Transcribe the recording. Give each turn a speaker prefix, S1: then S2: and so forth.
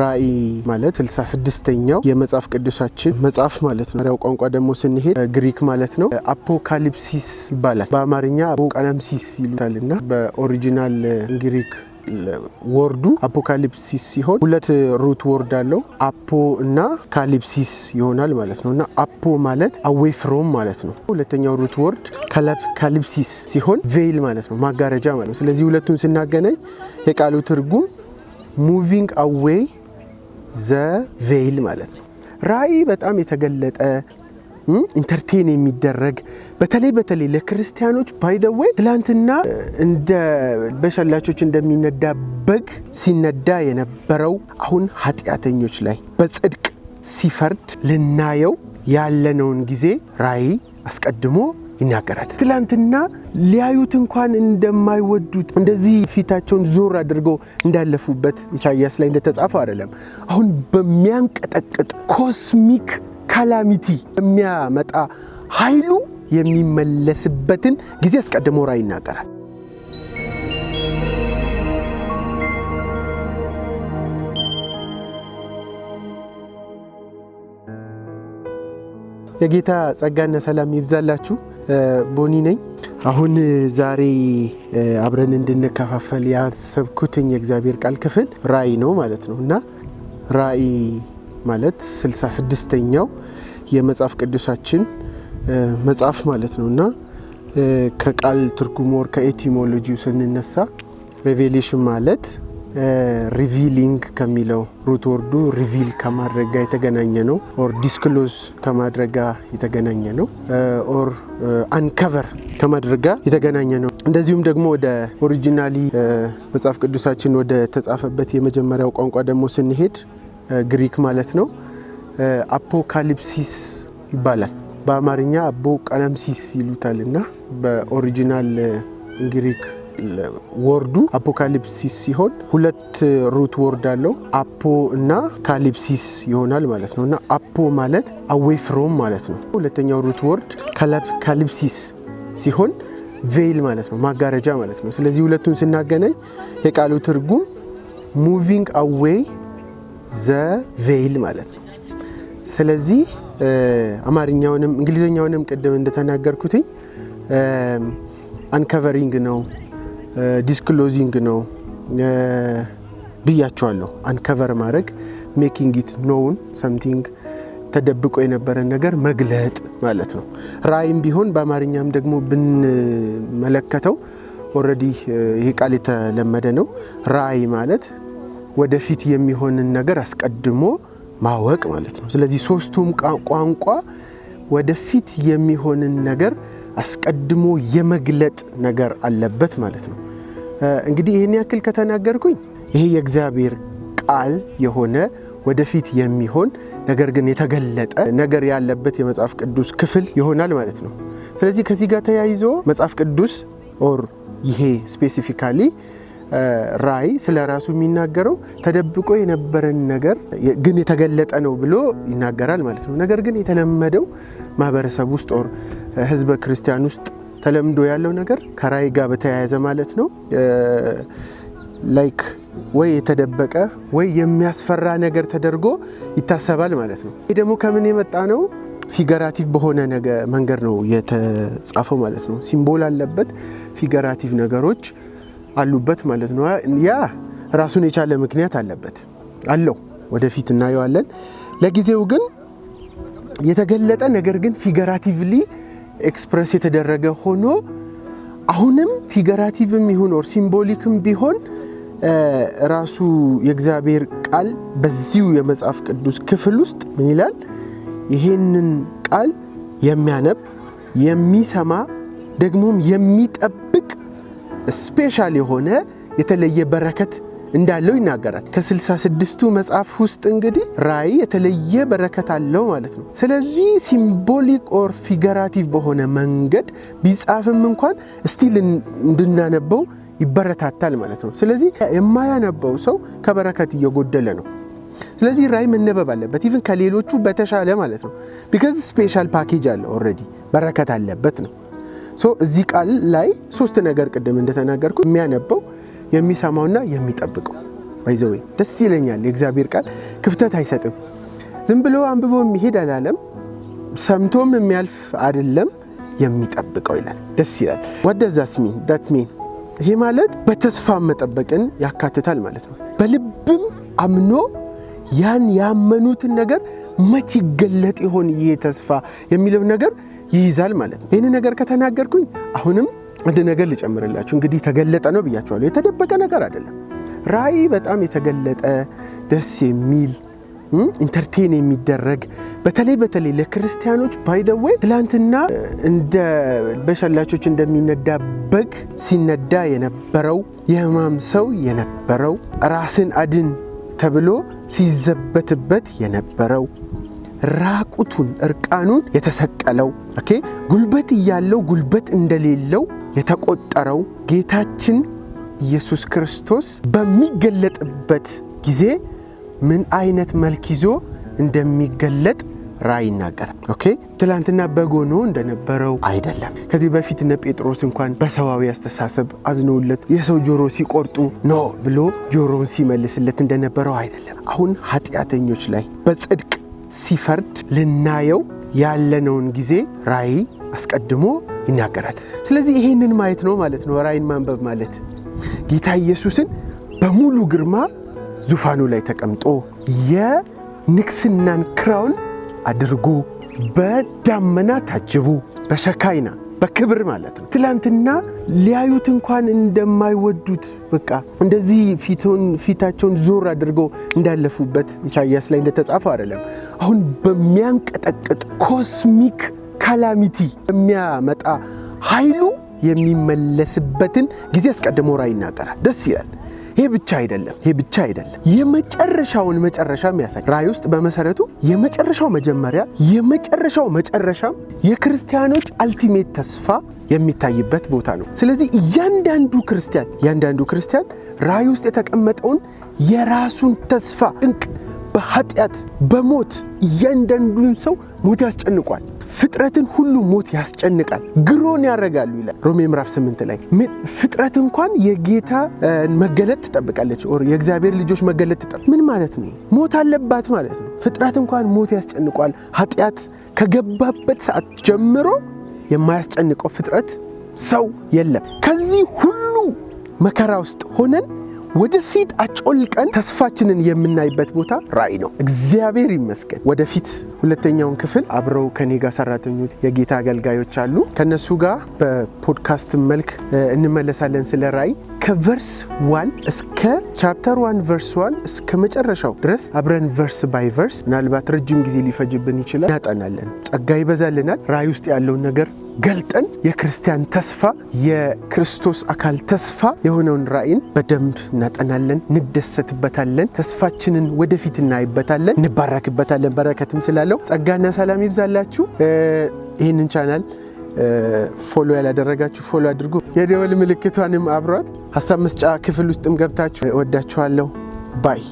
S1: ራእይ ማለት ስልሳ ስድስተኛው የመጽሐፍ ቅዱሳችን መጽሐፍ ማለት ነው። ሪያው ቋንቋ ደግሞ ስንሄድ ግሪክ ማለት ነው። አፖካሊፕሲስ ይባላል። በአማርኛ አፖቃላምሲስ ይሉታል እና በኦሪጂናል ግሪክ ወርዱ አፖካሊፕሲስ ሲሆን ሁለት ሩት ወርድ አለው አፖ እና ካሊፕሲስ ይሆናል ማለት ነው። እና አፖ ማለት አዌይ ፍሮም ማለት ነው። ሁለተኛው ሩት ወርድ ካሊፕሲስ ሲሆን ቬይል ማለት ነው፣ ማጋረጃ ማለት ነው። ስለዚህ ሁለቱን ስናገናኝ የቃሉ ትርጉም ሙቪንግ አዌይ ዘ ቬይል ማለት ነው። ራእይ በጣም የተገለጠ ኢንተርቴን የሚደረግ በተለይ በተለይ ለክርስቲያኖች ባይዘወይ ትላንትና እንደ በሸላቾች እንደሚነዳ በግ ሲነዳ የነበረው አሁን ኃጢአተኞች ላይ በጽድቅ ሲፈርድ ልናየው ያለነውን ጊዜ ራእይ አስቀድሞ ይናገራል። ትላንትና ሊያዩት እንኳን እንደማይወዱት እንደዚህ ፊታቸውን ዞር አድርገው እንዳለፉበት ኢሳያስ ላይ እንደተጻፈው አይደለም። አሁን በሚያንቀጠቅጥ ኮስሚክ ካላሚቲ የሚያመጣ ኃይሉ የሚመለስበትን ጊዜ አስቀድሞ ራ ይናገራል። የጌታ ጸጋና ሰላም ይብዛላችሁ። ቦኒ ነኝ። አሁን ዛሬ አብረን እንድንከፋፈል ያሰብኩትኝ የእግዚአብሔር ቃል ክፍል ራእይ ነው ማለት ነው እና ራእይ ማለት ስልሳ ስድስተኛው የመጽሐፍ ቅዱሳችን መጽሐፍ ማለት ነው እና ከቃል ትርጉሞር ከኤቲሞሎጂው ስንነሳ ሬቬሌሽን ማለት ሪቪሊንግ ከሚለው ሩት ወርዱ ሪቪል ከማድረግ ጋር የተገናኘ ነው። ኦር ዲስክሎዝ ከማድረግ ጋር የተገናኘ ነው። ኦር አንከቨር ከማድረግ ጋር የተገናኘ ነው። እንደዚሁም ደግሞ ወደ ኦሪጂናሊ መጽሐፍ ቅዱሳችን ወደ ተጻፈበት የመጀመሪያው ቋንቋ ደግሞ ስንሄድ ግሪክ ማለት ነው አፖካሊፕሲስ ይባላል። በአማርኛ አቦ ቀለምሲስ ይሉታል እና በኦሪጂናል ግሪክ ወርዱ አፖካሊፕሲስ ሲሆን ሁለት ሩት ወርድ አለው አፖ እና ካሊፕሲስ ይሆናል ማለት ነው እና አፖ ማለት አዌይ ፍሮም ማለት ነው። ሁለተኛው ሩት ወርድ ካሊፕሲስ ሲሆን ቬይል ማለት ነው፣ ማጋረጃ ማለት ነው። ስለዚህ ሁለቱን ስናገናኝ የቃሉ ትርጉም ሙቪንግ አዌይ ዘ ቬይል ማለት ነው። ስለዚህ አማርኛውንም እንግሊዝኛውንም ቅድም እንደተናገርኩትኝ አንከቨሪንግ ነው ዲስክሎዚንግ ነው ብያቸዋለሁ። አንከቨር ማድረግ ሜኪንግ ኢት ኖውን ሰምቲንግ ተደብቆ የነበረን ነገር መግለጥ ማለት ነው። ራይም ቢሆን በአማርኛም ደግሞ ብንመለከተው ኦልሬዲ ይህ ቃል የተለመደ ነው። ራይ ማለት ወደፊት የሚሆንን ነገር አስቀድሞ ማወቅ ማለት ነው። ስለዚህ ሶስቱም ቋንቋ ወደፊት የሚሆንን ነገር አስቀድሞ የመግለጥ ነገር አለበት ማለት ነው። እንግዲህ ይህን ያክል ከተናገርኩኝ ይሄ የእግዚአብሔር ቃል የሆነ ወደፊት የሚሆን ነገር ግን የተገለጠ ነገር ያለበት የመጽሐፍ ቅዱስ ክፍል ይሆናል ማለት ነው። ስለዚህ ከዚህ ጋር ተያይዞ መጽሐፍ ቅዱስ ኦር ይሄ ስፔሲፊካሊ ራእይ ስለ ራሱ የሚናገረው ተደብቆ የነበረን ነገር ግን የተገለጠ ነው ብሎ ይናገራል ማለት ነው። ነገር ግን የተለመደው ማህበረሰብ ውስጥ ኦር ህዝበ ክርስቲያን ውስጥ ተለምዶ ያለው ነገር ከራእይ ጋር በተያያዘ ማለት ነው ላይክ ወይ የተደበቀ ወይ የሚያስፈራ ነገር ተደርጎ ይታሰባል ማለት ነው። ይህ ደግሞ ከምን የመጣ ነው? ፊገራቲቭ በሆነ መንገድ ነው የተጻፈው ማለት ነው። ሲምቦል አለበት። ፊገራቲቭ ነገሮች አሉበት ማለት ነው። ያ ራሱን የቻለ ምክንያት አለበት አለው። ወደፊት እናየዋለን። ለጊዜው ግን የተገለጠ ነገር ግን ፊገራቲቭሊ ኤክስፕረስ የተደረገ ሆኖ አሁንም ፊገራቲቭም ይሁን ኦር ሲምቦሊክም ቢሆን ራሱ የእግዚአብሔር ቃል በዚሁ የመጽሐፍ ቅዱስ ክፍል ውስጥ ምን ይላል? ይሄንን ቃል የሚያነብ የሚሰማ ደግሞም የሚጠብ ስፔሻል የሆነ የተለየ በረከት እንዳለው ይናገራል። ከስልሳ ስድስቱ መጽሐፍ ውስጥ እንግዲህ ራእይ የተለየ በረከት አለው ማለት ነው። ስለዚህ ሲምቦሊክ ኦር ፊገራቲቭ በሆነ መንገድ ቢጻፍም እንኳን ስቲል እንድናነበው ይበረታታል ማለት ነው። ስለዚህ የማያነበው ሰው ከበረከት እየጎደለ ነው። ስለዚህ ራእይ መነበብ አለበት፣ ኢቭን ከሌሎቹ በተሻለ ማለት ነው። ቢካዝ ስፔሻል ፓኬጅ አለ ኦልሬዲ በረከት አለበት ነው። እዚህ ቃል ላይ ሶስት ነገር ቅድም እንደተናገርኩ የሚያነበው የሚሰማውና የሚጠብቀው ባይዘወይ ደስ ይለኛል። የእግዚአብሔር ቃል ክፍተት አይሰጥም። ዝም ብሎ አንብቦ የሚሄድ አላለም። ሰምቶም የሚያልፍ አይደለም። የሚጠብቀው ይላል። ደስ ይላል። ወደዛስ ሚን ዳት ሚን ይሄ ማለት በተስፋ መጠበቅን ያካትታል ማለት ነው። በልብም አምኖ ያን ያመኑትን ነገር መች ይገለጥ ይሆን ይሄ ተስፋ የሚለው ነገር ይይዛል ማለት ነው። ይህን ነገር ከተናገርኩኝ አሁንም አንድ ነገር ልጨምርላችሁ። እንግዲህ ተገለጠ ነው ብያችኋለሁ። የተደበቀ ነገር አይደለም። ራእይ በጣም የተገለጠ ደስ የሚል ኢንተርቴን የሚደረግ በተለይ በተለይ ለክርስቲያኖች ባይዘወይ ትላንትና እንደ በሸላቾች እንደሚነዳ በግ ሲነዳ የነበረው የህማም ሰው የነበረው ራስን አድን ተብሎ ሲዘበትበት የነበረው ራቁቱን እርቃኑን የተሰቀለው ኦኬ ጉልበት እያለው ጉልበት እንደሌለው የተቆጠረው ጌታችን ኢየሱስ ክርስቶስ በሚገለጥበት ጊዜ ምን አይነት መልክ ይዞ እንደሚገለጥ ራእይ ይናገራል። ኦኬ ትላንትና በጎኖ እንደነበረው አይደለም። ከዚህ በፊት እነ ጴጥሮስ እንኳን በሰዋዊ አስተሳሰብ አዝነውለት የሰው ጆሮ ሲቆርጡ ኖ ብሎ ጆሮውን ሲመልስለት እንደነበረው አይደለም። አሁን ኃጢአተኞች ላይ በጽድቅ ሲፈርድ ልናየው ያለነውን ጊዜ ራእይ አስቀድሞ ይናገራል። ስለዚህ ይሄንን ማየት ነው ማለት ነው ራእይን ማንበብ ማለት ጌታ ኢየሱስን በሙሉ ግርማ ዙፋኑ ላይ ተቀምጦ የንግስናን ክራውን አድርጎ በዳመና ታጅቡ በሸካይና በክብር ማለት ነው። ትላንትና ሊያዩት እንኳን እንደማይወዱት በቃ እንደዚህ ፊታቸውን ዞር አድርገው እንዳለፉበት ኢሳያስ ላይ እንደተጻፈው አይደለም። አሁን በሚያንቀጠቅጥ ኮስሚክ ካላሚቲ የሚያመጣ ኃይሉ የሚመለስበትን ጊዜ አስቀድሞ ራዕይ ይናገራል። ደስ ይላል። ይሄ ብቻ አይደለም፣ ይሄ ብቻ አይደለም። የመጨረሻውን መጨረሻ የሚያሳይ ራእይ ውስጥ በመሰረቱ የመጨረሻው መጀመሪያ፣ የመጨረሻው መጨረሻም የክርስቲያኖች አልቲሜት ተስፋ የሚታይበት ቦታ ነው። ስለዚህ እያንዳንዱ ክርስቲያን እያንዳንዱ ክርስቲያን ራእይ ውስጥ የተቀመጠውን የራሱን ተስፋ እንቅ በኃጢአት በሞት እያንዳንዱን ሰው ሞት ያስጨንቋል። ፍጥረትን ሁሉ ሞት ያስጨንቃል፣ ግሮን ያደርጋሉ ይላል ሮሜ ምዕራፍ 8 ላይ። ፍጥረት እንኳን የጌታ መገለጥ ትጠብቃለች፣ ኦር የእግዚአብሔር ልጆች መገለጥ ትጠብቅ። ምን ማለት ነው? ሞት አለባት ማለት ነው። ፍጥረት እንኳን ሞት ያስጨንቋል። ኃጢአት ከገባበት ሰዓት ጀምሮ የማያስጨንቀው ፍጥረት ሰው የለም። ከዚህ ሁሉ መከራ ውስጥ ሆነን ወደፊት አጮልቀን ተስፋችንን የምናይበት ቦታ ራእይ ነው። እግዚአብሔር ይመስገን። ወደፊት ሁለተኛውን ክፍል አብረው ከኔ ጋር ሰራተኞች፣ የጌታ አገልጋዮች አሉ። ከነሱ ጋር በፖድካስት መልክ እንመለሳለን ስለ ራእይ ከቨርስ ዋን እስከ ቻፕተር ዋን ቨርስ ዋን እስከ መጨረሻው ድረስ አብረን ቨርስ ባይ ቨርስ ምናልባት ረጅም ጊዜ ሊፈጅብን ይችላል እናጠናለን። ጸጋ ይበዛልናል። ራእይ ውስጥ ያለውን ነገር ገልጠን የክርስቲያን ተስፋ የክርስቶስ አካል ተስፋ የሆነውን ራእይን በደንብ እናጠናለን፣ እንደሰትበታለን፣ ተስፋችንን ወደፊት እናይበታለን፣ እንባረክበታለን። በረከትም ስላለው ጸጋና ሰላም ይብዛላችሁ። ይህንን ቻናል ፎሎ ያላደረጋችሁ ፎሎ አድርጉ። የደወል ምልክቷንም አብሯት። ሀሳብ መስጫ ክፍል ውስጥም ገብታችሁ ወዳችኋለሁ። ባይ